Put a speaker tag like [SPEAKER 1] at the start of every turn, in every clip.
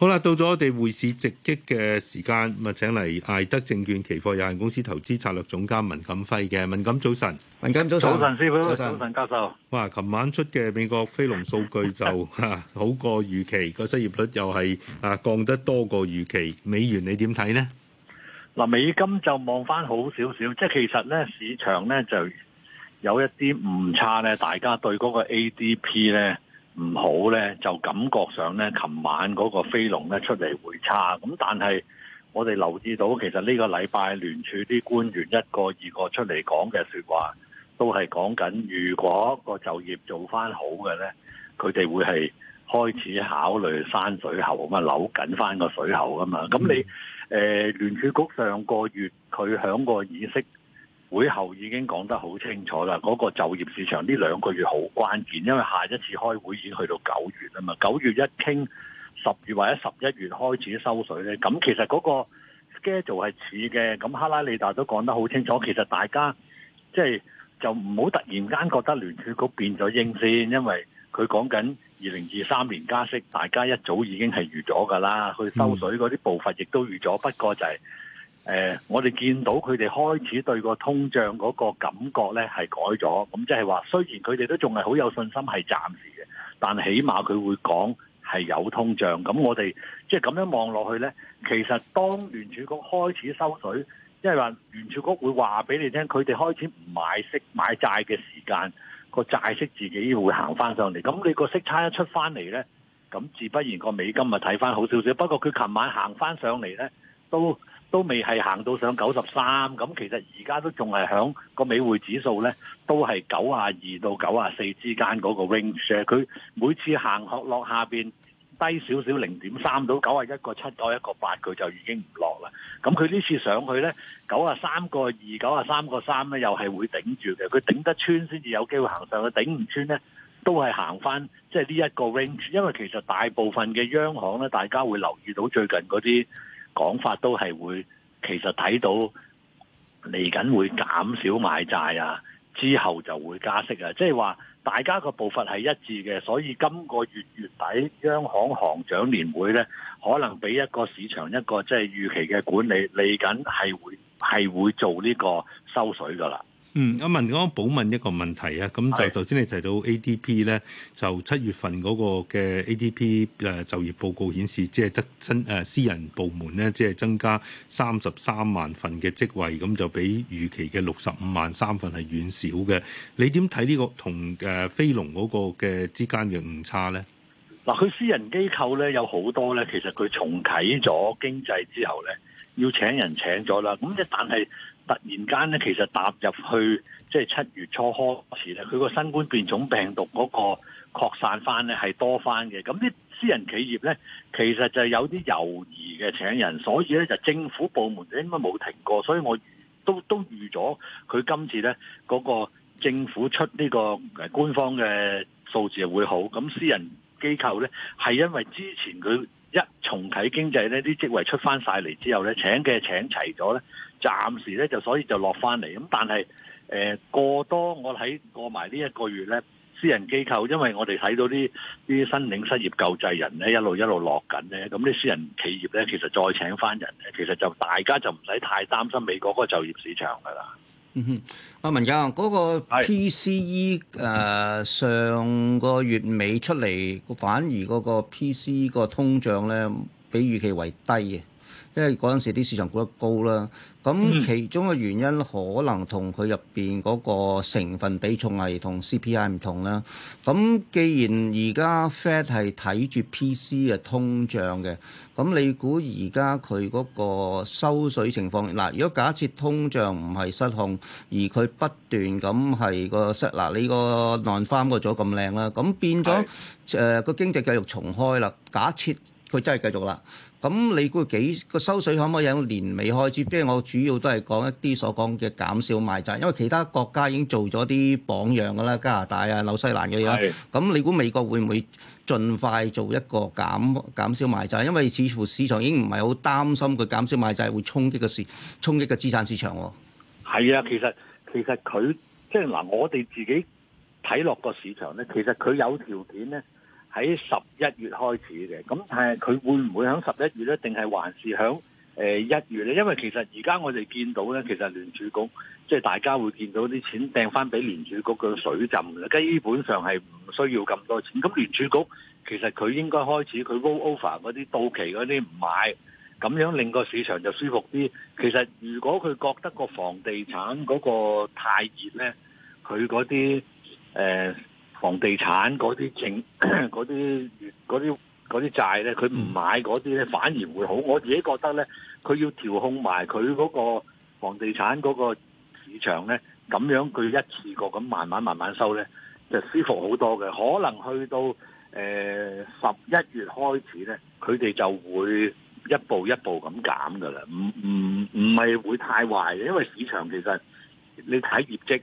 [SPEAKER 1] 好啦，到咗我哋匯市直擊嘅時間，咁啊，請嚟艾德證券期貨有限公司投資策略總監文錦輝嘅文錦早晨，文錦早，早，早晨，早晨，早晨，早晨，教授。哇，琴晚出嘅美國非農數據就吓好過預期，個 失業率又係啊降得多過預期，美元你點睇呢？嗱，美金就
[SPEAKER 2] 望翻好少少，即係其實咧，市場咧就有一啲唔差咧，大家對嗰個 ADP 咧。唔好呢，就感覺上呢，琴晚嗰個非農呢，出嚟回差。咁但係我哋留意到，其實呢個禮拜聯儲啲官員一個二個出嚟講嘅說話，都係講緊如果個就業做翻好嘅呢，佢哋會係開始考慮山水喉啊嘛，扭緊翻個水喉啊嘛。咁你誒、呃、聯儲局上個月佢響個意識。會後已經講得好清楚啦，嗰個就業市場呢兩個月好關鍵，因為下一次開會已經去到九月啦嘛，九月一傾十月或者十一月開始收水呢。咁其實嗰個 schedule 係似嘅，咁哈拉里達都講得好清楚，其實大家即係就唔好突然間覺得聯儲局變咗鷹先，因為佢講緊二零二三年加息，大家一早已經係預咗噶啦，去收水嗰啲步伐亦都預咗，不過就係。誒、呃，我哋見到佢哋開始對個通脹嗰個感覺咧係改咗，咁即係話雖然佢哋都仲係好有信心係暫時嘅，但起碼佢會講係有通脹。咁我哋即係咁樣望落去咧，其實當聯儲局開始收水，即係話聯儲局會話俾你聽，佢哋開始唔買息買債嘅時間，個債息自己會行翻上嚟。咁你個息差一出翻嚟咧，咁自不然個美金咪睇翻好少少。不過佢琴晚行翻上嚟咧，都。都未係行到上九十三，咁其實而家都仲係響個美匯指數呢，都係九啊二到九啊四之間嗰個 range。佢每次行落落下面低少少零點三到九啊一個七到一個八，佢就已經唔落啦。咁佢呢次上去呢，九啊三個二九啊三個三呢，又係會頂住嘅。佢頂得穿先至有機會行上去，頂唔穿呢都係行翻即係呢一個 range。因為其實大部分嘅央行呢，大家會留意到最近嗰啲。講法都係會，其實睇到嚟緊會減少買債啊，之後就會加息啊，即係話大家個步伐係一致嘅，所以今個月月底央行行長年會呢，可能俾一個市場一個即係、就是、預期嘅管理，嚟緊係會係會做呢個收水㗎喇。
[SPEAKER 1] 嗯，阿文，我補問一個問題啊，咁就頭先你提到 ADP 咧，就七月份嗰個嘅 ADP 誒就業報告顯示，即係得增誒私人部門咧，即係增加三十三萬份嘅職位，咁就比預期嘅六十五萬三份係遠少嘅。你點睇呢個同誒、呃、非農嗰個嘅之間嘅誤差咧？
[SPEAKER 2] 嗱，佢私人機構咧有好多咧，其實佢重啟咗經濟之後咧，要請人請咗啦，咁一但係。突然間咧，其實踏入去即係七月初開始咧，佢個新冠變種病毒嗰個擴散翻咧係多翻嘅。咁啲私人企業咧，其實就係有啲猶豫嘅請人，所以咧就政府部門應該冇停過。所以我都都預咗佢今次咧嗰個政府出呢個官方嘅數字會好。咁私人機構咧係因為之前佢。重啟經濟呢啲職位出翻晒嚟，之後請請呢，請嘅請齊咗呢，暫時呢就，所以就落翻嚟。咁但係誒過多，我喺過埋呢一個月呢，私人機構因為我哋睇到啲啲新領失業救濟人呢，一路一路落緊呢，咁啲私人企業呢，其實再請翻人呢，其實就大家就唔使太擔心美國嗰個就業市場噶啦。
[SPEAKER 3] 嗯哼，阿文友嗰、那個 PCE 誒、呃、上個月尾出嚟，反而嗰個 PCE 個通脹咧比預期為低嘅。因為嗰陣時啲市場估得高啦，咁其中嘅原因可能同佢入面嗰個成分比重係同 CPI 唔同啦。咁既然而家 Fed 係睇住 PC 嘅通脹嘅，咁你估而家佢嗰個收水情況？嗱，如果假設通脹唔係失控，而佢不斷咁係個失嗱你個 non-farm 過咗咁靚啦，咁變咗誒個經濟繼續重開啦。假設佢真係繼續啦。咁你估幾個收水可唔可以喺年尾開始？即係我主要都係講一啲所講嘅減少買債，因為其他國家已經做咗啲榜樣㗎啦，加拿大啊、紐西蘭嘅嘢。咁你估美國會唔會盡快做一個減,減少買債？因為似乎市場已經唔係好擔心佢減少買債會衝擊個市、衝擊個資產市場，啊。
[SPEAKER 2] 係啊，其實其實佢即係嗱，我哋自己睇落個市場咧，其實佢有條件咧。喺十一月開始嘅，咁但係佢會唔會喺十一月咧？定係還是喺誒一月咧？因為其實而家我哋見到咧，其實聯儲局即係大家會見到啲錢掟翻俾聯儲局嘅水浸，基本上係唔需要咁多錢。咁聯儲局其實佢應該開始佢 roll over 嗰啲到期嗰啲唔買，咁樣令個市場就舒服啲。其實如果佢覺得個房地產嗰個太熱咧，佢嗰啲誒。呃房地產嗰啲政嗰啲嗰啲嗰啲債咧，佢唔買嗰啲咧，反而會好。我自己覺得咧，佢要調控埋佢嗰個房地產嗰個市場咧，咁樣佢一次過咁慢慢慢慢收咧，就舒服好多嘅。可能去到誒十一月開始咧，佢哋就會一步一步咁減㗎喇，
[SPEAKER 4] 唔唔
[SPEAKER 2] 唔係會太壞嘅，因為市場其實你睇業績。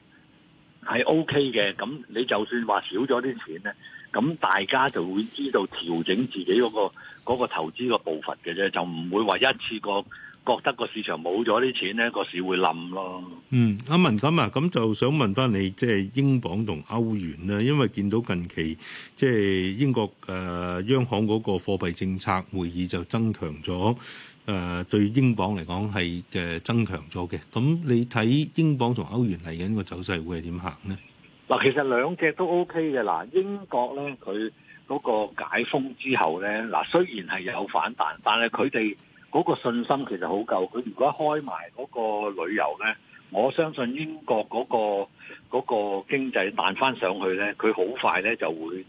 [SPEAKER 2] 係 OK 嘅，咁你就算話少咗啲錢咧，咁大家就會知道調整自己嗰個嗰個投資個步伐嘅啫，就唔會話一次過覺得個市場冇咗啲錢咧個市會
[SPEAKER 1] 冧咯。嗯，阿文錦啊，咁就想問翻你，即係英鎊同歐元啦，因為見到近期即係英國誒央行嗰個貨幣政策會議就增強咗。誒、呃、對英鎊嚟講係嘅增強咗嘅，咁你睇英鎊同歐元嚟緊個走勢會係點行呢？
[SPEAKER 2] 嗱，其實兩隻都 OK 嘅。嗱，英國咧佢嗰個解封之後咧，嗱，雖然係有反彈，但係佢哋嗰個信心其實好夠。佢如果開埋嗰個旅遊咧，我相信英國嗰個嗰個經濟彈返上去咧，佢好快咧就會誒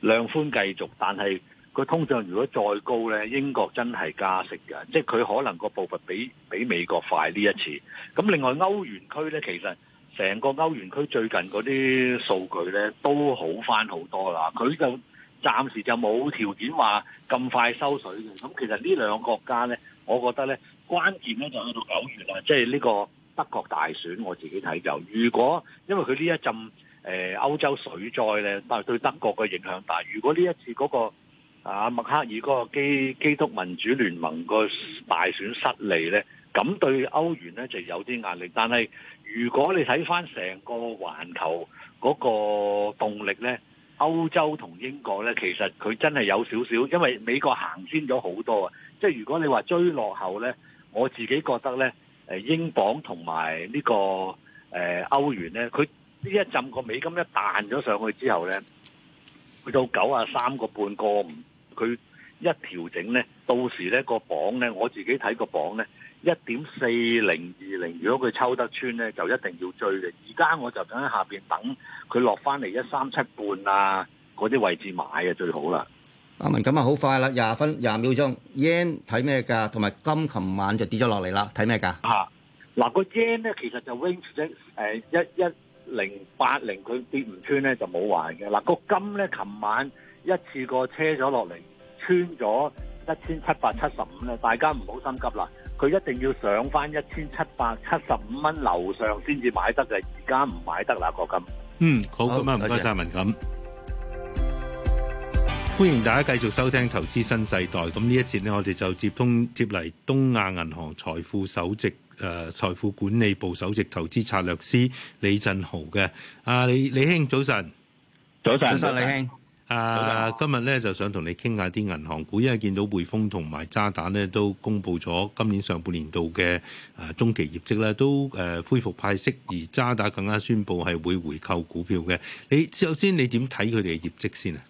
[SPEAKER 2] 量寬繼續，但係。個通脹如果再高咧，英國真係加息嘅，即係佢可能個步伐比比美國快呢一次。咁另外歐元區咧，其實成個歐元區最近嗰啲數據咧都好翻好多啦。佢就暫時就冇條件話咁快收水嘅。咁其實呢兩個國家咧，我覺得咧關鍵咧就去到九月啦，即係呢個德國大選。我自己睇就，如果因為佢呢一陣誒歐洲水災咧，但係對德國嘅影響大。如果呢一次嗰個啊，默克爾嗰個基基督民主聯盟個大選失利咧，咁對歐元咧就有啲壓力。但係如果你睇翻成個環球嗰個動力咧，歐洲同英國咧，其實佢真係有少少，因為美國行先咗好多啊。即係如果你話追落後咧，我自己覺得咧，誒英鎊同埋呢個誒歐元咧，佢呢一陣個美金一彈咗上去之後咧。去到九啊三個半個唔，佢一調整咧，到時咧個榜咧，我自己睇個榜咧，一點四零二零，如果佢抽得穿咧，就一定要追嘅。而家我就等喺下面等佢落返嚟一三七半啊，嗰啲位置買啊最好啦。
[SPEAKER 3] 阿文咁啊，好快啦，廿分廿秒鐘。yen 睇咩㗎？同埋今琴晚就跌咗落嚟啦，睇咩㗎？啊，嗱、
[SPEAKER 2] 嗰個 yen 咧，其實就 range 一、呃、一。1, 1, 零八零佢跌唔穿咧就冇壞嘅。嗱個金咧，琴晚一次過車咗落嚟穿咗一千七百七十五咧，大家唔好心急啦，佢一定要上翻一千七百七十五蚊樓上先至買得嘅，而家唔買得啦個金。
[SPEAKER 1] 嗯，好咁啊，唔該晒文錦，歡迎大家繼續收聽《投資新世代》咁呢一節呢，我哋就接通接嚟東亞銀行財富首席。誒財富管理部首席投資策略師李振豪嘅，啊，李李兄早晨，早晨，早晨李兄，啊，今日咧就想同你傾下啲銀行股，因為見到匯豐同埋渣打咧都公布咗今年上半年度嘅誒、啊、中期業績咧，都誒恢復派息，而渣打更加宣布係會回購股票嘅。你首先你點睇佢哋嘅業績先啊？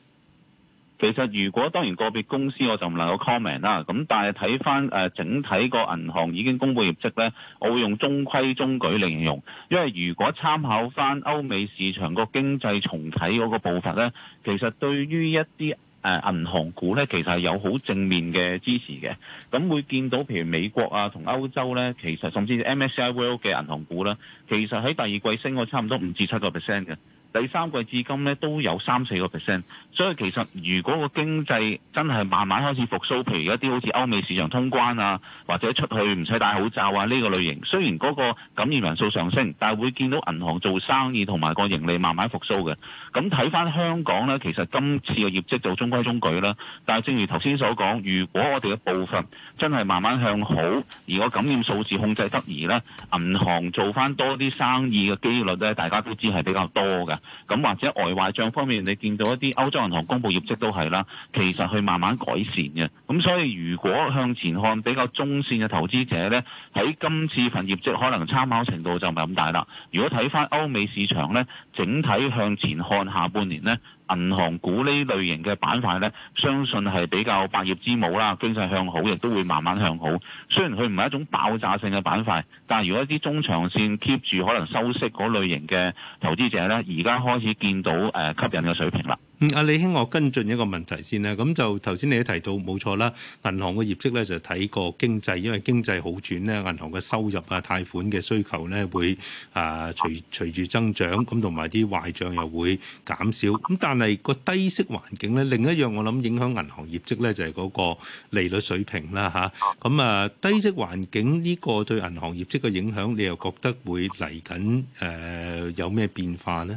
[SPEAKER 4] 其實，如果當然個別公司我就唔能夠 comment 啦，咁但係睇翻誒整體個銀行已經公布業績呢，我會用中規中矩嚟形容，因為如果參考翻歐美市場個經濟重啟嗰個步伐呢，其實對於一啲誒銀行股呢，其實係有好正面嘅支持嘅。咁會見到譬如美國啊同歐洲呢，其實甚至 MSCI World 嘅銀行股呢，其實喺第二季升咗差唔多五至七個 percent 嘅。第三季至今咧都有三四個 percent，所以其實如果個經濟真係慢慢開始復甦，譬如一啲好似歐美市場通關啊，或者出去唔使戴口罩啊呢個類型，雖然嗰個感染人數上升，但係會見到銀行做生意同埋個盈利慢慢復甦嘅。咁睇翻香港呢，其實今次嘅業績就中規中矩啦。但係正如頭先所講，如果我哋嘅部分真係慢慢向好，如果感染數字控制得宜呢，銀行做翻多啲生意嘅機率呢，大家都知係比較多嘅。咁或者外壞帳方面，你見到一啲歐洲銀行公布業績都係啦，其實佢慢慢改善嘅。咁所以如果向前看比較中線嘅投資者咧，喺今次份業績可能參考程度就唔係咁大啦。如果睇翻歐美市場咧，整體向前看下半年咧，銀行股呢類型嘅板塊咧，相信係比較百業之母啦，經濟向好亦都會慢慢向好。雖然佢唔係一種爆炸性嘅板塊。但係如果一啲中長線 keep 住可能收息嗰類型嘅投資者咧，而家開始見
[SPEAKER 1] 到誒吸引嘅水平啦。嗯，阿李兄，我跟進一個問題先啦。咁就頭先你都提到冇錯啦，銀行嘅業績咧就睇個經濟，因為經濟好轉咧，銀行嘅收入啊、貸款嘅需求咧會啊隨隨住增長，咁同埋啲壞賬又會減少。咁但係個低息環境咧，另一樣我諗影響銀行業績咧就係嗰個利率水平啦，嚇。咁啊，低息環境呢個對銀行業績？呢個影響你又覺得會嚟緊誒？有咩變化咧？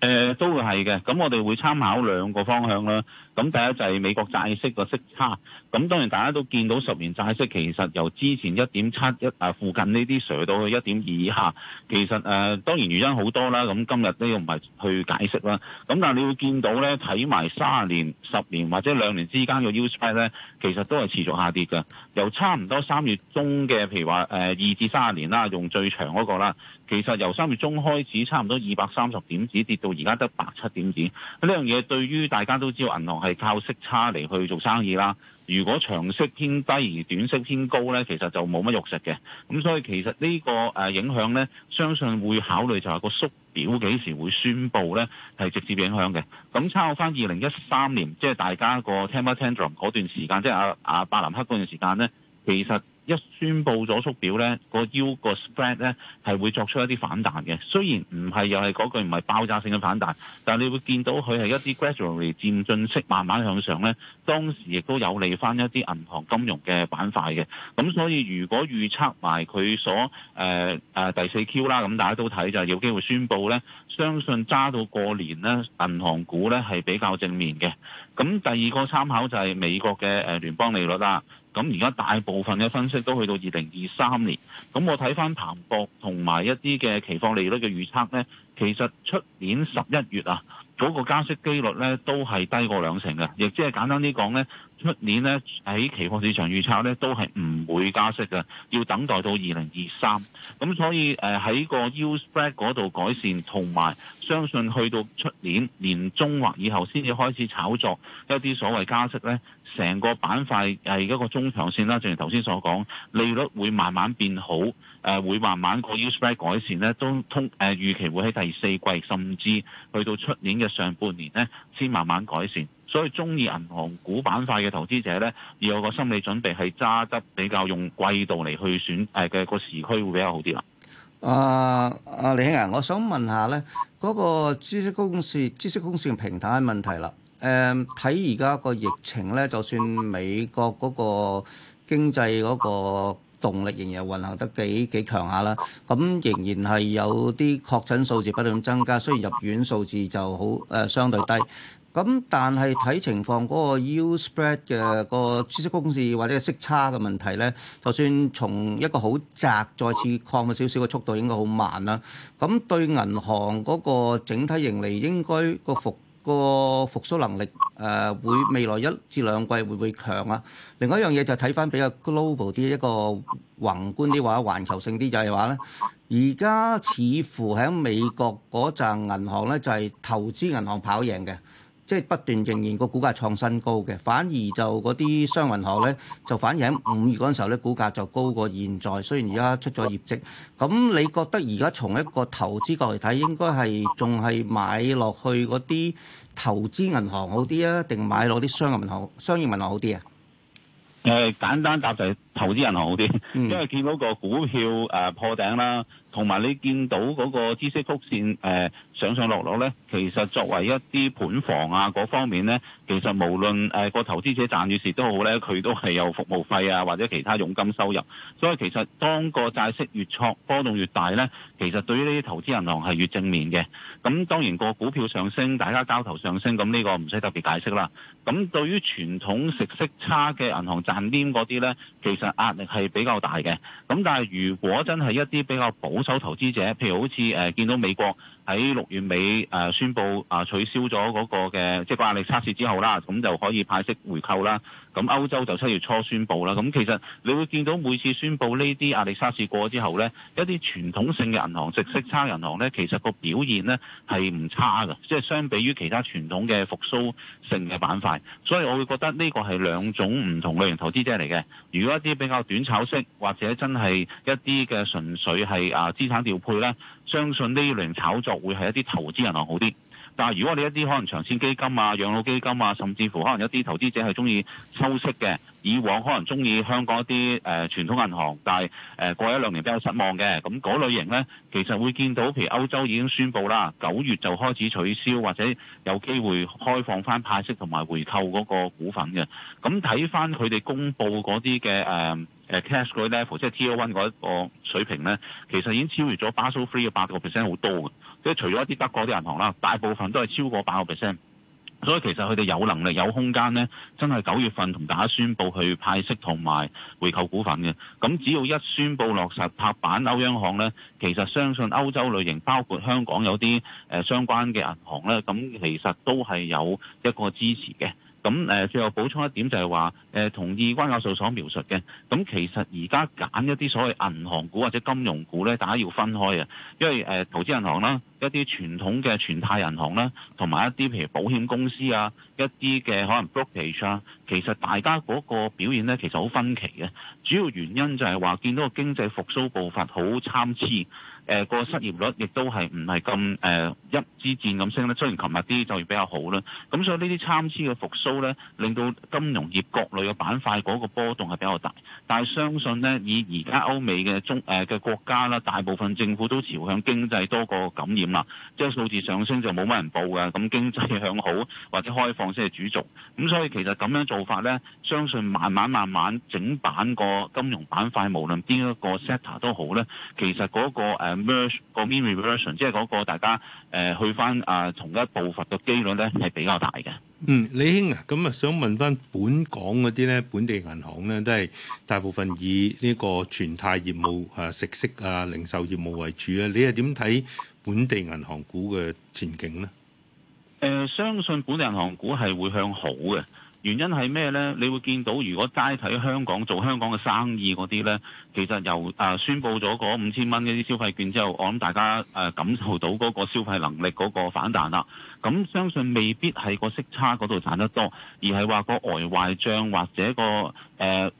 [SPEAKER 1] 誒、呃，
[SPEAKER 4] 都會係嘅。咁我哋會參考兩個方向啦。咁第一就係美國債息個息差，咁當然大家都見到十年債息其實由之前一點七一啊附近呢啲上到去一點二以下，其實誒、呃、當然原因好多啦，咁今日呢又唔係去解釋啦。咁但係你要見到呢，睇埋三十年、十年或者兩年之間嘅 yield spread 咧，其實都係持續下跌㗎。由差唔多三月中嘅，譬如話誒二至三十年啦，用最長嗰個啦，其實由三月中開始差唔多二百三十點子跌到而家得百七點子。呢樣嘢對於大家都知道銀行係。係靠息差嚟去做生意啦。如果長息偏低而短息偏高呢，其實就冇乜肉食嘅。咁所以其實呢個誒影響呢，相信會考慮就係個縮表幾時會宣布呢，係直接影響嘅。咁抄翻二零一三年，即係大家個 Taper Tantrum 嗰段時間，即係阿阿伯南克嗰段時間呢，其實。一宣布咗縮表呢，個 yield 個 spread 呢，係會作出一啲反彈嘅。雖然唔係，又係嗰句，唔係爆炸性嘅反彈，但你會見到佢係一啲 gradually 漸進式慢慢向上呢。當時亦都有利返一啲銀行金融嘅板塊嘅。咁所以如果預測埋佢所、呃呃、第四 Q 啦，咁大家都睇就有機會宣布呢，相信揸到過年呢，銀行股呢係比較正面嘅。咁第二個參考就係美國嘅誒聯邦利率啦。咁而家大部分嘅分析都去到二零二三年，咁我睇翻彭博同埋一啲嘅期貨利率嘅預測咧，其實出年十一月啊，嗰個加息機率咧都係低過兩成嘅，亦即係簡單啲講咧。出年咧喺期貨市場預測咧都係唔會加息嘅，要等待到二零二三。咁所以誒喺個 u spread 嗰度改善，同埋相信去到出年年中或以後先至開始炒作一啲所謂加息咧，成個板塊係一個中長線啦。正如頭先所講，利率會慢慢變好，誒會慢慢個 u spread 改善咧，都通誒預期會喺第四季，甚至去到出年嘅上半年咧，先慢慢改善。所以中意銀行股板塊嘅投資者咧，要有個心理準備，係揸得比較用季度嚟去選誒嘅、呃那個時區會比較好啲啦。
[SPEAKER 3] 啊、呃、啊，李兄，啊，我想問一下咧，嗰、那個知識公司知識公司嘅平坦問題啦。誒、呃，睇而家個疫情咧，就算美國嗰個經濟嗰個動力仍然運行得幾幾強下啦。咁仍然係有啲確診數字不斷增加，雖然入院數字就好、呃、相對低。咁但係睇情況嗰、嗰個 U spread 嘅、嗰個知識公式或者息差嘅問題咧，就算從一個好窄，再次擴闊少少嘅速度應該好慢啦。咁對銀行嗰個整體盈利應該、嗰個復個復蘇能力誒、呃、會未來一至兩季會唔會強啊？另外一樣嘢就睇返比較 global 啲一,一個宏觀啲話或者環球性啲就係話咧，而家似乎喺美國嗰啲銀行咧就係、係、投資銀行跑贏嘅。即係不斷仍然、嗰個股價創新高嘅，反而就嗰啲商銀行咧就反而喺五月嗰陣時候咧、嗰個、股價就高過現在，雖然而家出咗業績。咁你覺得而家從一個投資角度嚟睇，應該係仲係買落去嗰啲投資銀行好啲啊，定買落啲商業銀行、商業銀行好啲啊？
[SPEAKER 4] 誒，簡單答就係投資銀行好啲，嗯、因為見到個股票誒破頂啦。同埋你見到嗰個知識曲線，呃、上上落落咧，其實作為一啲盤房啊嗰方面咧，其實無論個、呃、投資者賺與蝕都好咧，佢都係有服務費啊或者其他佣金收入，所以其實當個債息越挫波動越大咧。其實對於呢啲投資銀行係越正面嘅，咁當然個股票上升，大家交投上升，咁呢個唔使特別解釋啦。咁對於傳統食息差嘅銀行賺攣嗰啲呢，其實壓力係比較大嘅。咁但係如果真係一啲比較保守投資者，譬如好似誒見到美國喺六月尾誒宣布啊取消咗嗰個嘅即係壓力測試之後啦，咁就可以派息回購啦。.咁歐洲就七月初宣布啦，咁其實你會見到每次宣布呢啲壓力測試過之後呢，一啲傳統性嘅銀行、直息差銀行呢，其實個表現呢係唔差㗎。即係相比於其他傳統嘅復甦性嘅板塊，所以我會覺得呢個係兩種唔同類型投資者嚟嘅。如果一啲比較短炒式，或者真係一啲嘅純粹係啊資產調配呢，相信呢輪炒作會係一啲投資銀行好啲。但如果你一啲可能長線基金啊、養老基金啊，甚至乎可能一啲投資者係中意收息嘅，以往可能中意香港一啲誒、呃、傳統銀行，但係誒、呃、過一兩年比較失望嘅，咁嗰類型咧，其實會見到譬如歐洲已經宣布啦，九月就開始取消或者有機會開放翻派息同埋回購嗰個股份嘅，咁睇翻佢哋公布嗰啲嘅誒 CET1 level，即係 Tier One 嗰個水平咧，其實已經超越咗 Basel Three 嘅八個 percent 好多嘅。即係除咗一啲德國啲銀行啦，大部分都係超過百個 percent，所以其實佢哋有能力、有空間咧，真係九月份同大家宣布去派息同埋回購股份嘅。咁只要一宣布落實拍板歐央行咧，其實相信歐洲類型包括香港有啲誒相關嘅銀行咧，咁其實都係有一個支持嘅。咁最後補充一點就係話同意關教授所描述嘅，咁其實而家揀一啲所謂銀行股或者金融股咧，大家要分開嘅，因為、呃、投資銀行啦，一啲傳統嘅存貸銀行啦，同埋一啲譬如保險公司啊，一啲嘅可能 blockage 啊，其實大家嗰個表現咧，其實好分歧嘅，主要原因就係話見到個經濟復甦步伐好參差。誒、呃，那個失業率亦都係唔係咁誒、一枝箭咁升咧，雖然琴日啲就業比較好啦，咁所以呢啲參差嘅復甦呢，令到金融業各類嘅板塊嗰個波動係比較大。但係相信呢，以而家歐美嘅中、誒嘅、呃、國家啦，大部分政府都朝向經濟多過感染啦，即係數字上升就冇乜人報嘅，咁經濟向好或者開放先係主軸。咁所以其實咁樣做法呢，相信慢慢慢慢整板個金融板塊，無論邊一個 sector 都好呢，其實嗰、那個、呃 mean reversion 即係嗰個大家誒、呃、去翻啊同一步
[SPEAKER 1] 伐嘅機率咧係比較大嘅。嗯，李兄啊，咁啊想問翻本港嗰啲咧本地銀行咧都係大部分以呢個存貸業務啊食息啊零售業務為主啊，你係點睇本地銀行股嘅前景呢？誒、呃，相信本地銀行股係會向好嘅。原因係咩呢？你會見到，
[SPEAKER 4] 如果齋睇香港做香港嘅生意嗰啲呢，其實由誒、呃、宣布咗嗰五千蚊一啲消費券之後，我諗大家誒、呃、感受到嗰個消費能力嗰個反彈啦。咁、嗯、相信未必係個息差嗰度賺得多，而係話個外壞帳或者個誒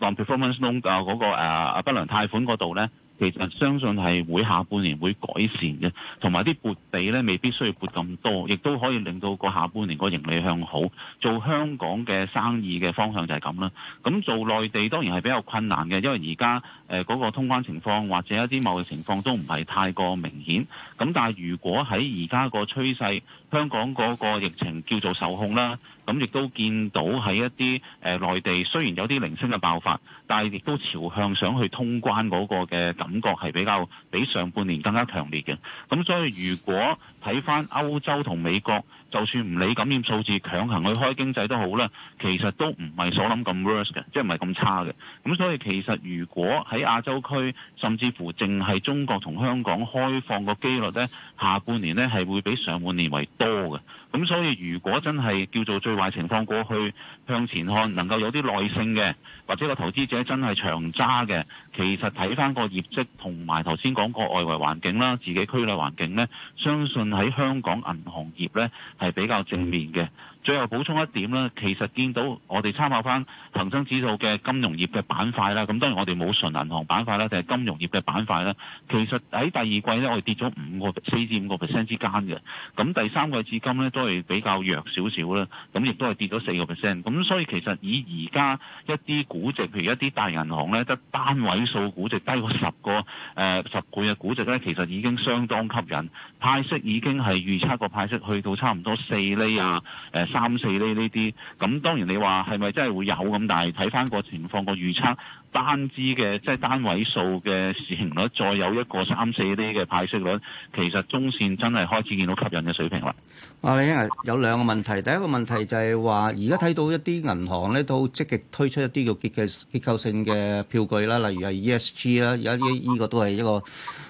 [SPEAKER 4] non-performing loan 啊嗰、那個誒、呃、不良貸款嗰度呢其實相信係會下半年會改善嘅，同埋啲撥備呢未必需要撥咁多，亦都可以令到個下半年個盈利向好。做香港嘅生意嘅方向就係咁啦。咁做內地當然係比較困難嘅，因為而家誒嗰個通關情況或者一啲貿易情況都唔係太過明顯。咁但係如果喺而家個趨勢，香港嗰個疫情叫做受控啦。咁、嗯、亦都見到喺一啲誒內地，雖然有啲零星嘅爆發，但係亦都朝向上去通關嗰個嘅感覺係比較比上半年更加強烈嘅。咁、嗯、所以如果睇翻歐洲同美國。就算唔理感染數字強行去開經濟都好啦，其實都唔係所諗咁 worse 嘅，即係唔係咁差嘅。咁所以其實如果喺亞洲區，甚至乎淨係中國同香港開放個機率呢，下半年呢係會比上半年為多嘅。咁所以如果真係叫做最壞情況過去。向前看，能夠有啲耐性嘅，或者個投資者真係長揸嘅，其實睇翻個業績，同埋頭先講個外圍環境啦，自己區內環境咧，相信喺香港銀行業咧係比較正面嘅。最後補充一點咧，其實見到我哋參考翻恒生指數嘅金融業嘅板塊啦，咁當然我哋冇純銀行板塊啦，淨係金融業嘅板塊啦。其實喺第二季咧，我哋跌咗五個四至五個 percent 之間嘅，咁第三季至今咧都係比較弱少少啦，咁亦都係跌咗四個 percent。咁所以其實以而家一啲估值，譬如一啲大銀行咧，得單位數估值低過十個誒十倍嘅估值咧，其實已經相當吸引。派息已經係預測個派息去到差唔多四厘啊，誒三四厘呢啲咁。當然你話係咪真係會有咁？但係睇翻個情況個預測，單支嘅即係單位數嘅市盈率，再有一個三四厘嘅派息率，其實中線真係開始見到吸引嘅水平啦。
[SPEAKER 3] 你因為有兩個問題，第一個問題就係話而家睇到一啲銀行咧都積極推出一啲叫結構結構性嘅票據啦，例如係 E S G 啦，而家呢個都係一個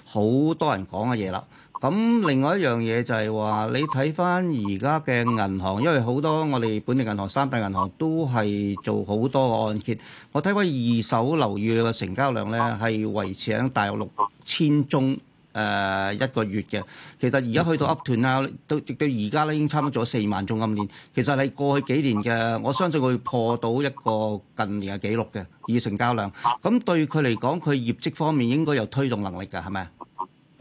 [SPEAKER 3] 好多人講嘅嘢啦。咁另外一樣嘢就係話，你睇翻而家嘅銀行，因為好多我哋本地銀行、三大銀行都係做好多個按揭。我睇翻二手樓宇嘅成交量咧，係維持喺大約六千宗誒一個月嘅。其實而家去到 Up 斷啦，都直到而家咧已經差唔多做咗四萬宗按年。其實係過去幾年嘅，我相信會破到一個近年嘅紀錄嘅二成交量。咁對佢嚟講，佢業績方面應該有推動能力㗎，係咪啊？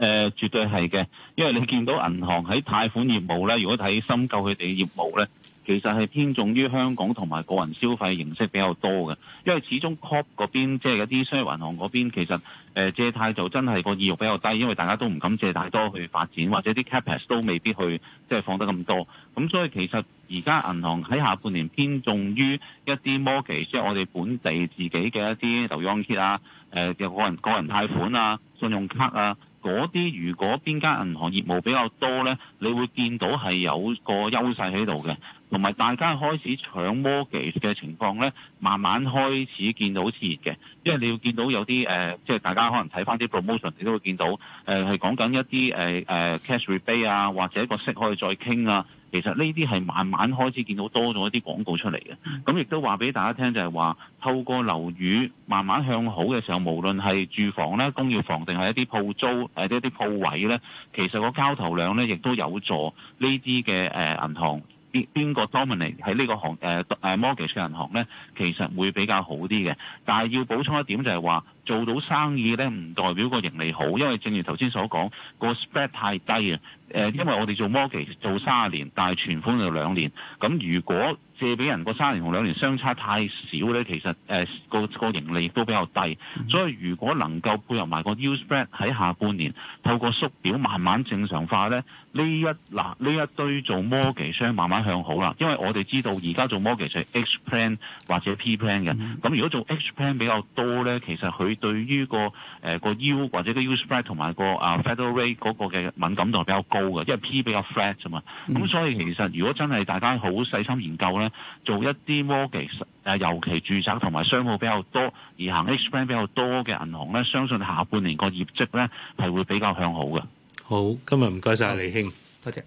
[SPEAKER 4] 誒、呃、絕對係嘅，因為你見到銀行喺貸款業務咧，如果睇深究佢哋嘅業務咧，其實係偏重於香港同埋個人消費形式比較多嘅。因為始終 corp 嗰邊即係、就是、一啲商業銀行嗰邊，其實、呃、借貸就真係個意欲比較低，因為大家都唔敢借太多去發展，或者啲 capex 都未必去即、就是、放得咁多。咁所以其實而家銀行喺下半年偏重於一啲 mortgage 即係我哋本地自己嘅一啲樓按啊，誒嘅個人個人貸款啊，信用卡啊。嗰啲如果邊間銀行業務比較多呢，你會見到係有個優勢喺度嘅，同埋大家開始搶 mortgage 嘅情況呢，慢慢開始見到熱嘅，因為你要見到有啲誒，即、呃、係、就是、大家可能睇翻啲 promotion，你都會見到誒係講緊一啲、呃、cash rebate 啊，或者一個息可以再傾啊。其實呢啲係慢慢開始見到多咗一啲廣告出嚟嘅，咁亦都話俾大家聽就係話，透過樓宇慢慢向好嘅時候，無論係住房咧、工業房定係一啲鋪租、一啲鋪位，呢其實個交投量呢亦都有助呢啲嘅誒銀行。邊邊個 dominate 喺呢個行誒誒、uh, mortgage 嘅銀行咧，其實會比較好啲嘅。但係要補充一點就係話，做到生意咧唔代表個盈利好，因為正如頭先所講，個 spread 太低啊。誒、嗯，因為我哋做 mortgage 做三年，但係存款就兩年。咁如果借俾人個三年同兩年相差太少咧，其實誒、uh, 個、個盈利亦都比較低、嗯。所以如果能夠配合埋個 use spread 喺下半年透過縮表慢慢正常化咧。呢一嗱呢一堆做 mortgage 商慢慢向好啦，因為我哋知道而家做 mortgage 係 X plan 或者 P plan 嘅，咁、嗯、如果做 X plan 比較多咧，其實佢對於個誒、呃、個 U 或者個 U spread 同埋個啊、uh, federal rate 嗰個嘅敏感度係比較高嘅，因為 P 比較 flat 啫嘛。咁、嗯、所以其實如果真係大家好細心研究咧，做一啲 mortgage、呃、尤其住宅同埋商鋪比較多而行 X plan 比較多嘅銀行咧，相信下半年個業績咧係會比較向好嘅。好，今日唔該曬，李兄，
[SPEAKER 1] 多謝，謝。